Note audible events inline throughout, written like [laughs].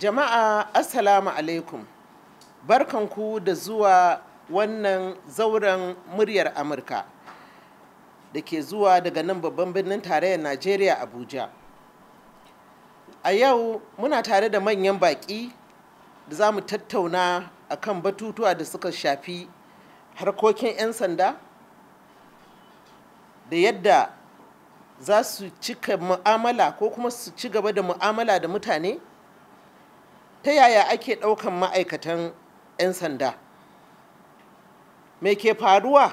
Jama'a Assalamu alaikum, barkanku da zuwa wannan zauren muryar Amurka da ke zuwa daga nan babban birnin tarayyar Najeriya Abuja. A yau muna tare da manyan baƙi da za mu tattauna a kan batutuwa da suka shafi harkokin 'yan sanda da yadda za su cika mu'amala ko kuma su ci gaba da mu'amala da mutane. ta yaya ake ɗaukan ma'aikatan 'yan sanda me ke faruwa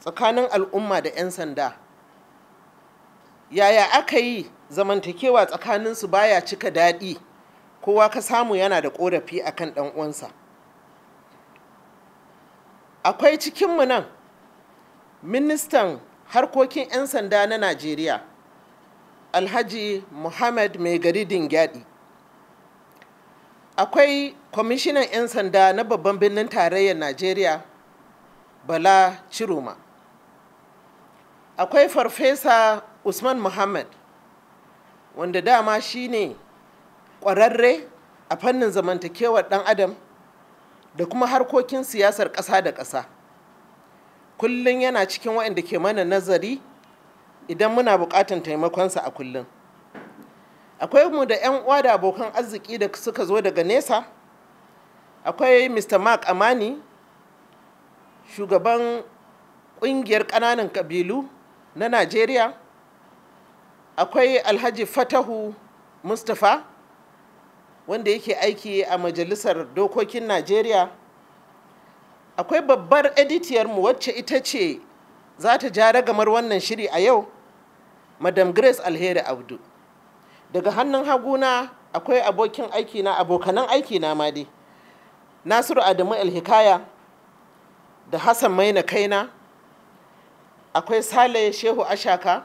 tsakanin al'umma da 'yan sanda yaya aka yi zamantakewa tsakaninsu baya cika daɗi kowa ka samu yana da ƙorafi a kan uwansa akwai cikinmu nan ministan harkokin 'yan sanda na najeriya alhaji muhammad mai gari dingyadi akwai kwamishinan 'yan sanda na babban birnin tarayyar najeriya bala ciroma akwai farfesa usman muhammad wanda dama ne ƙwararre a fannin zamantakewar dan adam da kuma harkokin siyasar ƙasa da ƙasa kullum yana cikin waɗanda ke mana nazari idan muna buƙatar taimakonsa a kullum akwai mu da 'yan uwa da abokan arziki da suka zo daga nesa akwai mr mark amani shugaban ƙungiyar ƙananan ƙabilu na najeriya akwai alhaji fatahu mustapha wanda yake aiki a majalisar dokokin najeriya akwai babbar editiyar mu wacce ita ce za ta ja ragamar wannan shiri a yau madam grace alheri abdu daga hannun haguna akwai abokin aikina abokanan aikina ma dai nasiru adamu alhikaya da hassan maina kaina akwai sale shehu ashaka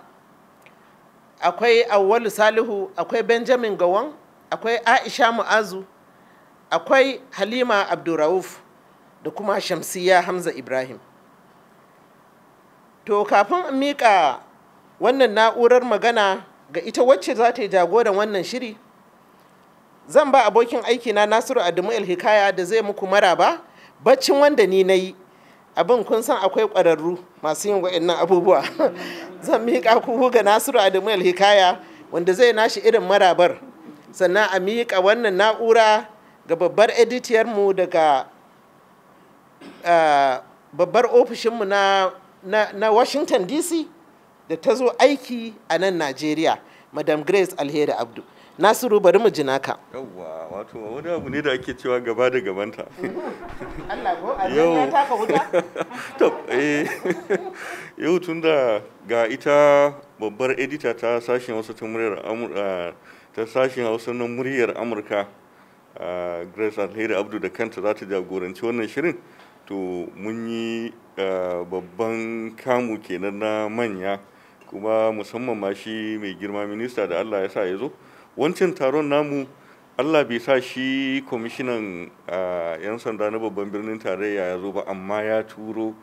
akwai awwalu salihu akwai benjamin Gawon, akwai aisha mu'azu akwai halima abdurrauf da kuma shamsiya hamza ibrahim to kafin in miƙa wannan na'urar magana ga ita wacce za ta yi jagoran wannan shiri zan ba abokin aikina nasiru adamu hikaya da zai muku maraba baccin wanda ni na yi abin kun san akwai ƙwararru masu yin wa'annan abubuwa [laughs] zan miƙa ku ga nasiru adamu hikaya wanda zai nashi irin marabar sannan a miƙa wannan na'ura ga babbar editiyarmu daga eh, babbar ofishinmu na, na washington dc da ta zo aiki a nan najeriya madam grace alheri abdu nasiru bari mu jinaka. ka yawwa wato wani abu ne da ake cewa gaba da gabanta [laughs] Allah ko ta ka wuta [laughs] eh, [laughs] yau tun da ga ita babbar edita ta sashen wasu ta muryar amurka ta sashen hausa na muryar amurka grace alheri abdu da kanta za ta jagoranci wannan shirin to mun yi babban kamu kenan na manya kuma musamman ma shi mai girma minista da allah ya sa ya zo wancan taron namu allah bai sa shi kwamishinan yan sanda na babban birnin tarayya ya zo ba amma ya turo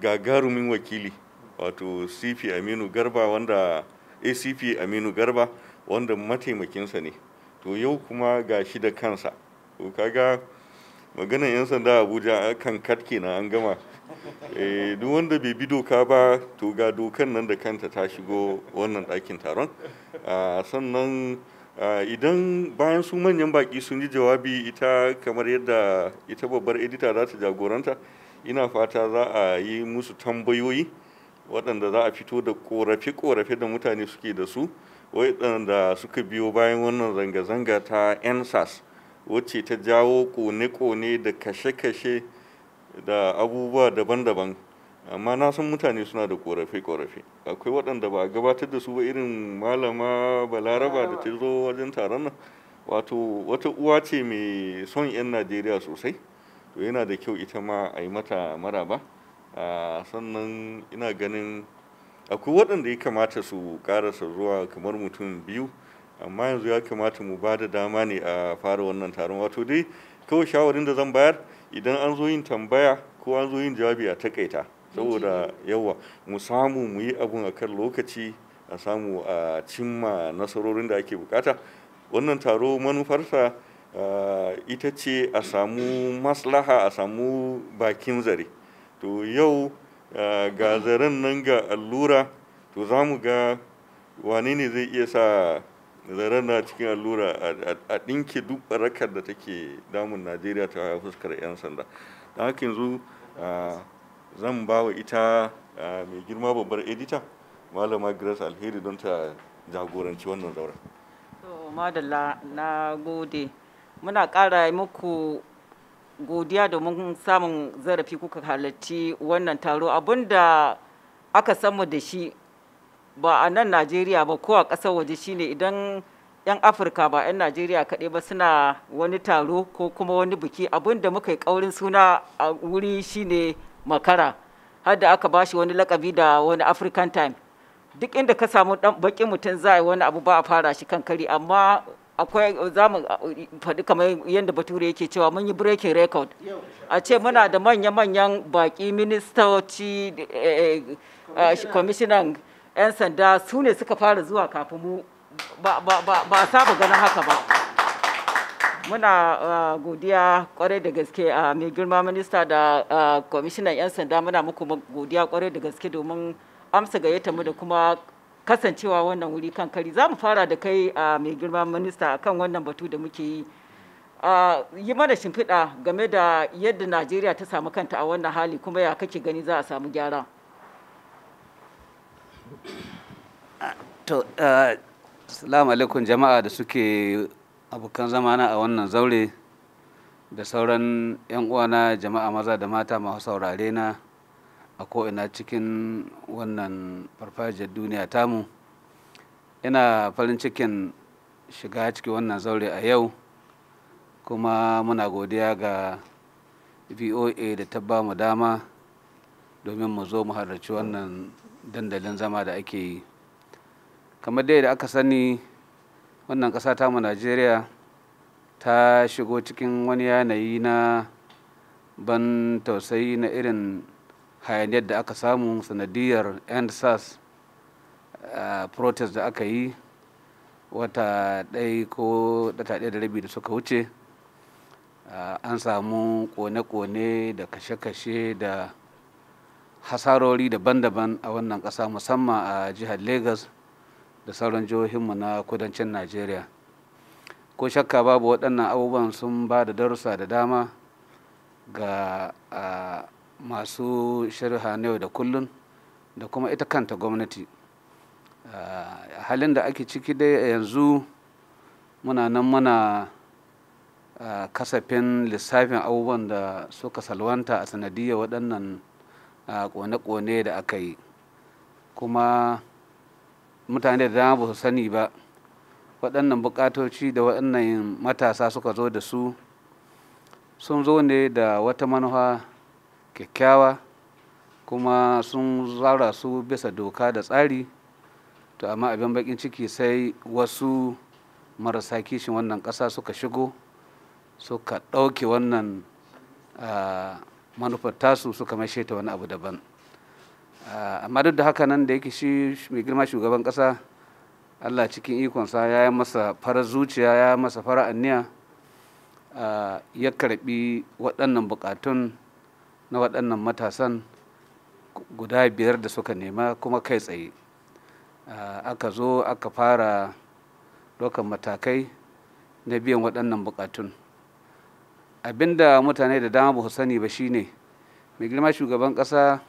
gagarumin wakili wato cp aminu garba wanda acp aminu garba wanda mataimakinsa ne to yau kuma ga shi da kansa to kaga maganan 'yan sanda abuja kan katke na an gama eh, duk wanda bai bi doka ba to ga dokan nan da kanta ta shigo wannan ɗakin taron ah, sannan ah, idan bayan su manyan baki sun ji jawabi ita kamar yadda ita babbar edita za ta jagoranta ina fata za a yi musu tambayoyi waɗanda za a fito da ƙorafe-ƙorafe da mutane suke da su waɗanda suka biyo bayan wannan zanga-zanga ta ensas wacce ta jawo kone-kone da kashe-kashe da abubuwa daban-daban amma na san mutane suna da korafe-korafe akwai waɗanda ba gabatar da su ba irin malama balaraba da ta zo wajen taron nan wato wata uwa ce mai son 'yan najeriya sosai to yana da kyau ita ma a yi mata maraba sannan ina ganin akwai waɗanda ya kamata su ƙarasa zuwa kamar mutum biyu amma yanzu ya kamata mu ba da dama ne a fara wannan taron wato dai kawai shawarin da zan bayar idan an zo yin tambaya ko an zo yin jawabi a takaita saboda yawa mu samu mu yi abun a kan lokaci a samu a cimma nasarorin da ake bukata wannan taro manufarsa ita ce a samu maslaha a samu bakin zare to yau ga zaren nan ga allura to za mu ga wane ne zai iya sa zaren na cikin allura a ɗinke duk barakar da take damun najeriya ta fuskar 'yan sanda don haka yanzu zan ba wa ita mai girma babbar edita malama grace alheri don ta jagoranci wannan zauren madalla na gode muna ƙara muku godiya domin samun zarafi kuka halarci wannan taro abinda aka samu da shi ba a nan najeriya ba ko a ƙasar waje shine idan 'yan afirka ba 'yan najeriya kaɗai ba suna wani taro ko kuma wani biki abin da muka yi ƙaurin suna a wuri shine makara har da aka bashi wani lakabi da wani african time duk inda ka samu dan bakin mutum za a yi wani abu ba a fara shi kan kari amma akwai za mu uh, faɗi kamar yadda bature yake cewa mun yi breaking record a ce muna da manya-manyan baƙi ministoci eh, eh, eh, commissioner 'yan sanda su ne suka fara zuwa kafin mu ba saba ganin haka ba muna ah, godiya kwarai da gaske a ah, mai girma minista da ah, kwamishinan 'yan sanda muna muku godiya kwarai da gaske domin amsa gayyata mu da kuma kasancewa wannan wuri kan kari za mu fara da kai a mai girma minista akan wannan batu da muke yi yi mana shimfiɗa game da yadda najeriya ta samu kanta a wannan hali kuma ya kake gani za a samu gyara to eh, salamu alaikum jama'a da suke abokan zamana a wannan zaure da sauran 'yan uwana jama'a maza da mata masu saurare na a ko'ina cikin wannan farfajiyar duniya tamu ina farin cikin shiga cikin wannan zaure a yau kuma muna godiya ga voa da ta ba mu dama domin mu zo mu halarci wannan dandalin zama da ake yi kamar dai da aka sani wannan ƙasa ta mu najeriya ta shigo cikin wani yanayi na ban tausayi na irin hayaniyar da aka samu sanadiyar end sars protest da aka yi wata ɗai ko ɗata ɗaya da rabi da suka wuce an samu kone-kone da kashe-kashe da hasarori daban-daban a wannan ƙasa musamman a jihar lagos da sauran jihohinmu na kudancin najeriya ko shakka babu waɗannan abubuwan sun ba da darussa da dama ga masu shari'a na yau da kullun da kuma ita kanta gwamnati halin da ake ciki dai yanzu muna nan muna kasafin lissafin abubuwan da suka salwanta a sanadiyar waɗannan A kone-kone da aka yi kuma mutane da dama ba su sani ba waɗannan buƙatoci da waɗannan matasa suka zo da su sun zo ne da wata manufa kyakkyawa kuma sun zara su bisa doka da tsari to amma abin bakin ciki sai wasu marasa kishin wannan ƙasa suka shigo suka ɗauke wannan manufar tasu suka maishe ta wani abu daban ah, amma duk da haka nan da yake shi mai girma shugaban kasa allah cikin ikonsa ya yi masa fara zuciya ya yi masa fara anniya ah, ya karbi waɗannan bukatun na waɗannan matasan guda biyar da suka nema kuma kai tsaye ah, aka zo aka fara dokan matakai na biyan waɗannan bukatun abinda mutane da dama ba sani ba shine mai girma shugaban kasa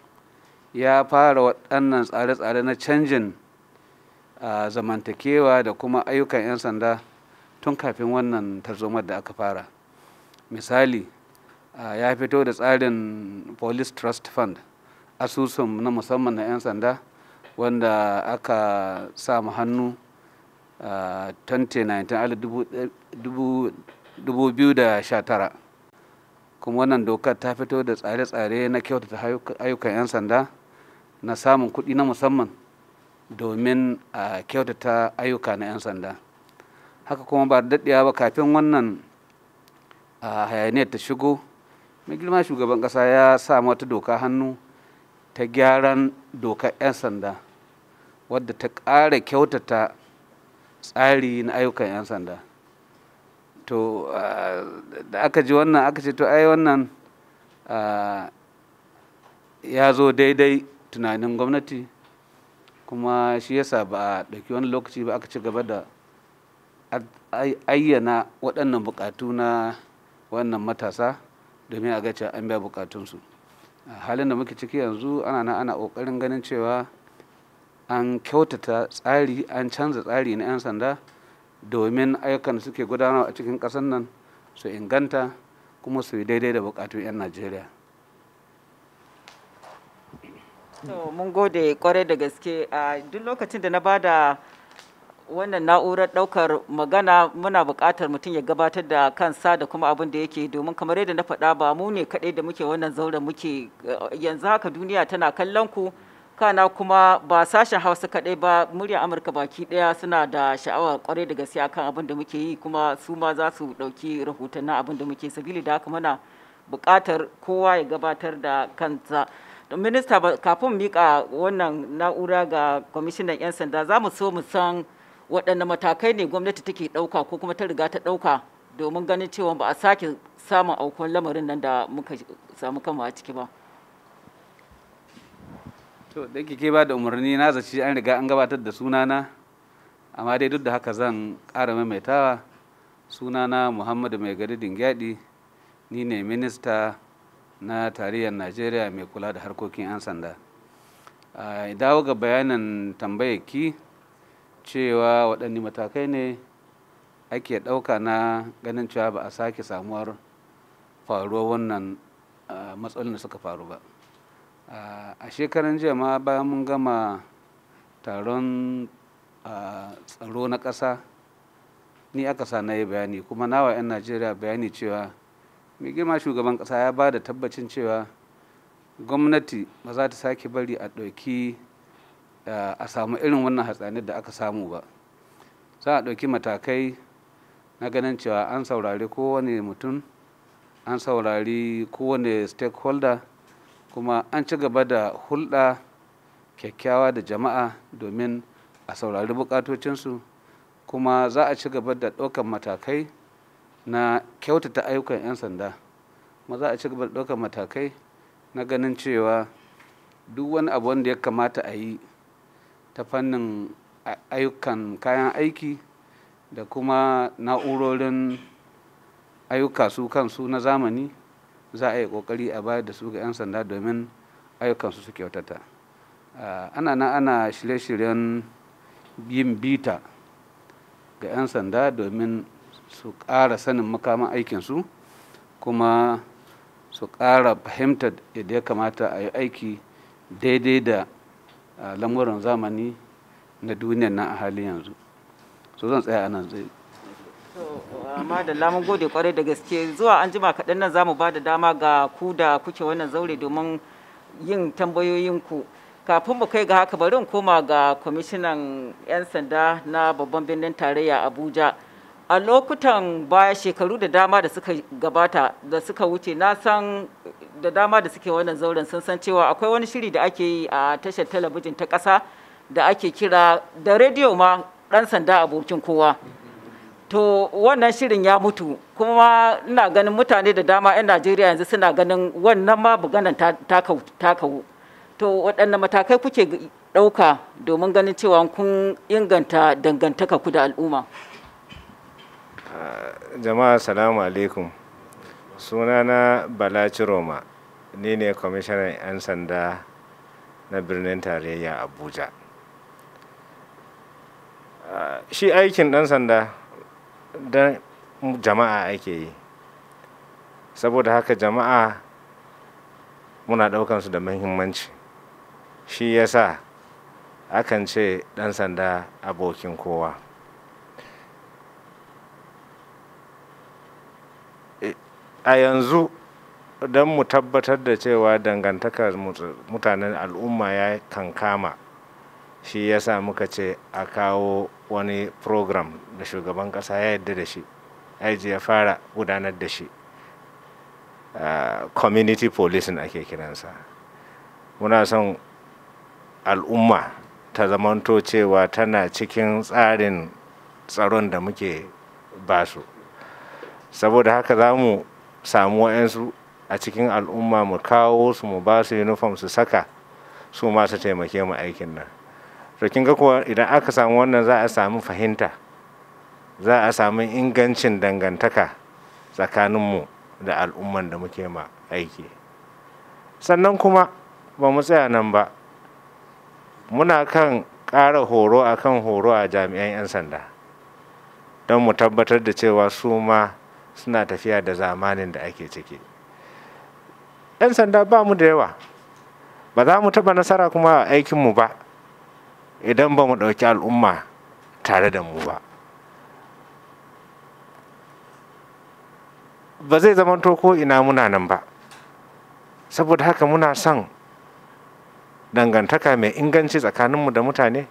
ya fara waɗannan tsare-tsare na canjin zamantakewa da kuma ayyukan 'yan sanda tun kafin wannan tarzomar da aka fara misali ya fito da tsarin police trust fund asusun na musamman na 'yan sanda wanda aka sa hannu 2019 2019 kuma wannan dokar ta fito da tsare-tsare na kyautata ayyukan 'yan sanda na samun kuɗi na musamman domin a kyautata ayyuka na 'yan sanda haka kuma ba daɗewa ba kafin wannan a hayaniyar ta shigo mai girma shugaban ƙasa ya sa wata doka hannu ta gyaran dokar 'yan sanda wadda ta ƙara kyautata tsari na ayyukan 'yan sanda to da aka ji wannan aka ce to ai wannan ya zo daidai tunanin gwamnati kuma shi yasa ba a ɗauki wani lokaci ba aka ci gaba da ayyana waɗannan buƙatu na wannan matasa domin a gace an biya buƙatunsu halin da muke ciki yanzu ana na ana ƙoƙarin ganin cewa an kyautata tsari an canza tsari na 'yan sanda domin ayyukan suke gudanarwa a cikin ƙasar nan su inganta kuma su yi daidai da buƙatu 'yan najeriya to mun gode kwarai da gaske a duk lokacin da na ba da wannan na'urar ɗaukar magana muna buƙatar mutum ya gabatar da kansa da kuma abin da yake domin kamar yadda na faɗa ba mu ne kaɗai da muke wannan zauren muke eh, yanzu haka duniya tana kallon ku kana kuma ba sashen hausa kaɗai ba murya amurka baki ɗaya suna da sha'awar kwarai da gaske akan abin da muke yi kuma su ma za su ɗauki rahotannin abin da muke sabili da haka mana buƙatar kowa ya gabatar da kansa minista kafin mika wannan na'ura ga kwamishinan 'yan sanda za mu so mu san waɗanne matakai ne gwamnati take ɗauka ko kuma ta riga ta ɗauka domin ganin cewa ba a sake samun aukuwar lamarin nan da muka samu kanmu a ciki ba. to da ke ba da umarni na zaci an riga an gabatar da sunana amma dai duk da haka zan ƙara maimaitawa sunana muhammadu mai gari dingyadi ni ne minista na tarayyar najeriya mai kula da harkokin 'yan sanda dawo ga bayanin tambayarki cewa waɗanne matakai ne ake ɗauka na ganin cewa ba a sake samuwar faruwa wannan matsalolin da suka faru ba a shekaran jiya ma bayan mun gama taron tsaro na ƙasa ni aka sa na yi bayani kuma nawa 'yan najeriya bayani cewa mai girma shugaban ƙasa ya ba da tabbacin cewa gwamnati ba za ta sake bari a ɗauki a samu irin wannan hatsanin da aka samu ba za a ɗauki matakai na ganin cewa an saurari kowane mutum an saurari kowane stakeholder kuma an ci gaba da hulɗa kyakkyawa da jama'a domin a saurari bukatocinsu kuma za a ci gaba da ɗaukar matakai na kyautata ayyukan 'yan sanda kuma za a ci gaba da ɗaukar matakai na ganin cewa duk wani abu wanda ya kamata a yi ta fannin ayyukan kayan aiki da kuma na'urorin ayyuka su kansu na zamani za a yi kokari a bayar da su ga 'yan sanda domin ayyukansu su kyautata ana nan ana shirye-shiryen yin bita ga 'yan sanda domin su ƙara sanin makaman aikinsu kuma su ƙara fahimtar yadda ya kamata a yi aiki daidai da lamuran zamani na duniyar na a halin yanzu so zan tsaya a nan zai amma uh, da lamun gode kwarai da gaske zuwa an jima kaɗan nan za mu ba da dama ga ku da kuke wannan zaure domin yin tambayoyinku kafin mu kai ga haka bari in koma ga kwamishinan 'yan sanda na babban birnin tarayya abuja a lokutan baya shekaru da dama da suka gabata da suka wuce na san da dama da suke wannan zauren sun san cewa akwai wani shiri da ake yi a tashar talabijin ta ƙasa da ake kira da rediyo ma ɗan sanda abokin kowa to wannan shirin ya mutu kuma ina ganin mutane da dama 'yan najeriya yanzu suna ganin wannan ma buganan ta kawo to waɗanne matakai kuke ɗauka domin ganin cewa kun inganta dangantaka ku da al'umma ah, jama'a salamu alaikum sunana bala ciroma ni ne kwamishinan 'yan sanda na birnin tarayya abuja ah, shi aikin ɗan sanda don jama'a ake yi saboda haka jama'a muna su da muhimmanci shi yasa akan ce ɗan sanda abokin kowa a yanzu don mu tabbatar da cewa dangantakar mutanen al'umma ya kankama shi ya sa muka ce a kawo wani program da shugaban kasa ya yadda da shi aiji ya fara gudanar da shi ah, community policing ake kiransa muna son al'umma ta zamanto cewa tana cikin tsarin tsaron da muke ba su saboda haka za mu samu wa'yansu a cikin al'umma mu kawo su mu ba su uniform su saka su masu taimake mu aikin nan to kin ga kuwa idan aka samu wannan za a samu fahimta za a samu ingancin dangantaka tsakaninmu da al'umman da muke ma aiki sannan kuma ba mu tsaya nan ba muna kan ƙara horo a kan horo a jami'an 'yan sanda don mu tabbatar da cewa su ma suna tafiya da zamanin da ake ciki 'yan sanda ba mu da yawa ba za mu taɓa nasara kuma a aikinmu ba idan ba mu ɗauki al'umma tare da mu ba ba zai zamanto ko ina muna nan ba saboda haka muna son dangantaka mai inganci tsakaninmu da mutane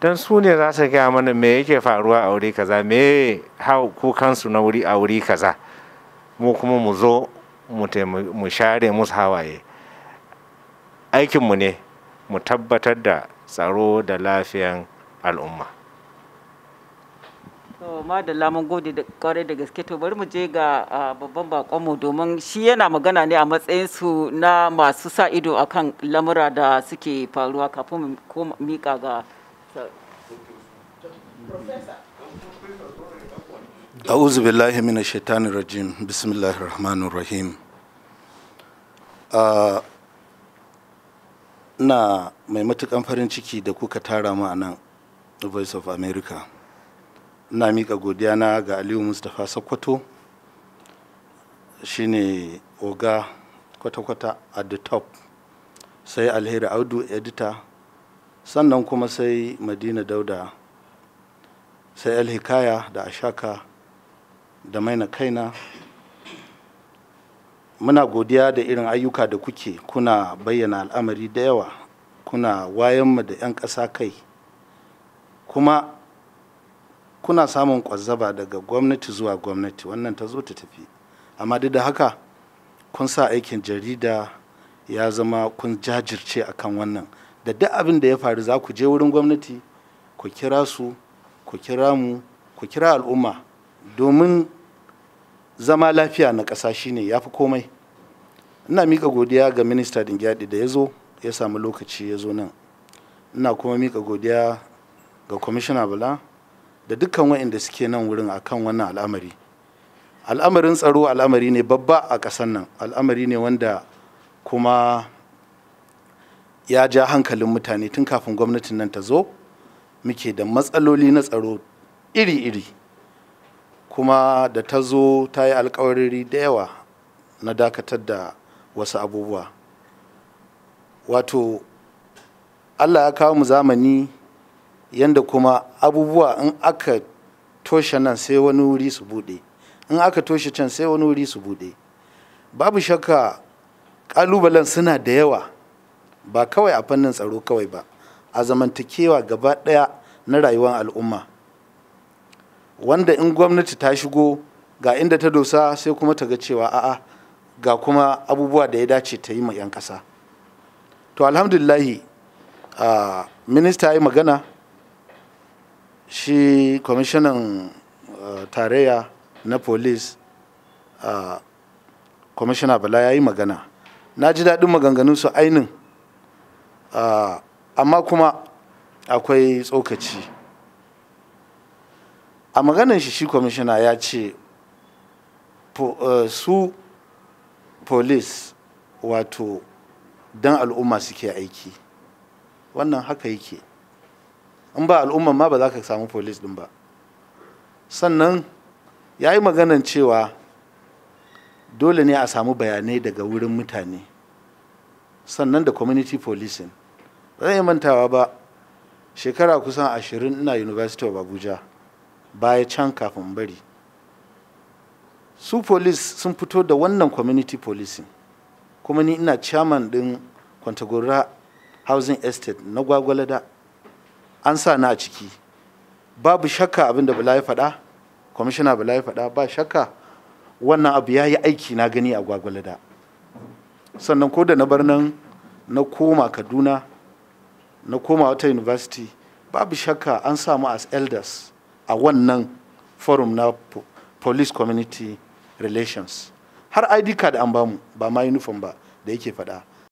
don su ne za su gaya mana me yake faruwa a wuri kaza me hau kukansu na wuri a wuri kaza mu kuma mu zo mu share musu hawaye aikinmu ne mu tabbatar da tsaro da lafiyan al'umma to da mun gode da kwarai da gaske to bari mu je ga babban bakonmu domin shi yana magana ne a matsayin su na masu sa ido akan lamura da suke faruwa kafin mu mika ga أعوذ بالله من الشيطان الرجيم rajim, الله ina mai matukan farin ciki da kuka tara mu a nan voice of america ina miƙa godiya na ga aliyu mustapha sokoto shine oga kwata-kwata at the top sai alheri audu edita sannan kuma sai madina dauda sai alhikaya da ashaka da maina kaina muna godiya da irin ayyuka da kuke kuna bayyana al'amari da yawa kuna wayanmu da 'yan ƙasa kai kuma kuna samun kwazzaba daga gwamnati zuwa gwamnati wannan ta zo ta tafi amma duk da haka kun sa aikin jarida ya zama kun jajirce akan wannan da duk abin da ya faru za ku je wurin gwamnati ku kira su ku kira mu ku kira al'umma domin zama lafiya na ƙasa shine ya fi komai ina mika godiya ga minista dingyadi da ya zo ya samu lokaci ya zo nan ina kuma mika godiya ga kwamishina bala da dukkan wa'inda suke nan wurin akan wannan al'amari al'amarin tsaro al'amari ne babba a ƙasar nan al'amari ne wanda kuma ya ja hankalin mutane tun kafin gwamnatin nan ta zo muke da matsaloli na tsaro iri-iri kuma da ta zo ta yi alkawariri da yawa na dakatar da wasu abubuwa wato allah ya kawo mu zamani yadda kuma abubuwa in aka toshe nan sai wani wuri su bude in aka toshe can sai wani wuri su bude babu shakka kalubalen suna da yawa ba kawai a fannin tsaro kawai ba a zamantakewa gaba ɗaya na rayuwar al'umma wanda in gwamnati ta shigo ga inda ta dosa sai kuma ta ga cewa a'a ga kuma abubuwa da ya dace ta yi ma 'yan ƙasa to alhamdulillahi minista ya yi magana shi kwamishinan tarayya na polis kwamishina bala ya yi magana na ji daɗin maganganun su ainin amma kuma akwai tsokaci a maganin shi shi kwamishina ya ce eh, su police wato don al'umma suke aiki wannan haka yake in ba al'umma ma ba za ka samu police din ba sannan ya yi maganan cewa dole ne a samu bayanai daga wurin mutane sannan da community policing ba zan yi mantawa ba shekara kusan ashirin ina university of abuja baya can kafin bari su police sun fito da wannan community policing kuma ni ina chairman din kwantagora housing estate na gwagwalada an sa na a ciki babu shakka abin da bala ya faɗa kwamishina bala ya faɗa ba shakka wannan abu ya yi aiki na gani a gwagwalada sannan ko da na bar nan na koma kaduna na koma wata university babu shakka an samu as elders a wannan forum na police community relations har id card an bamu ba ma uniform ba da yake faɗa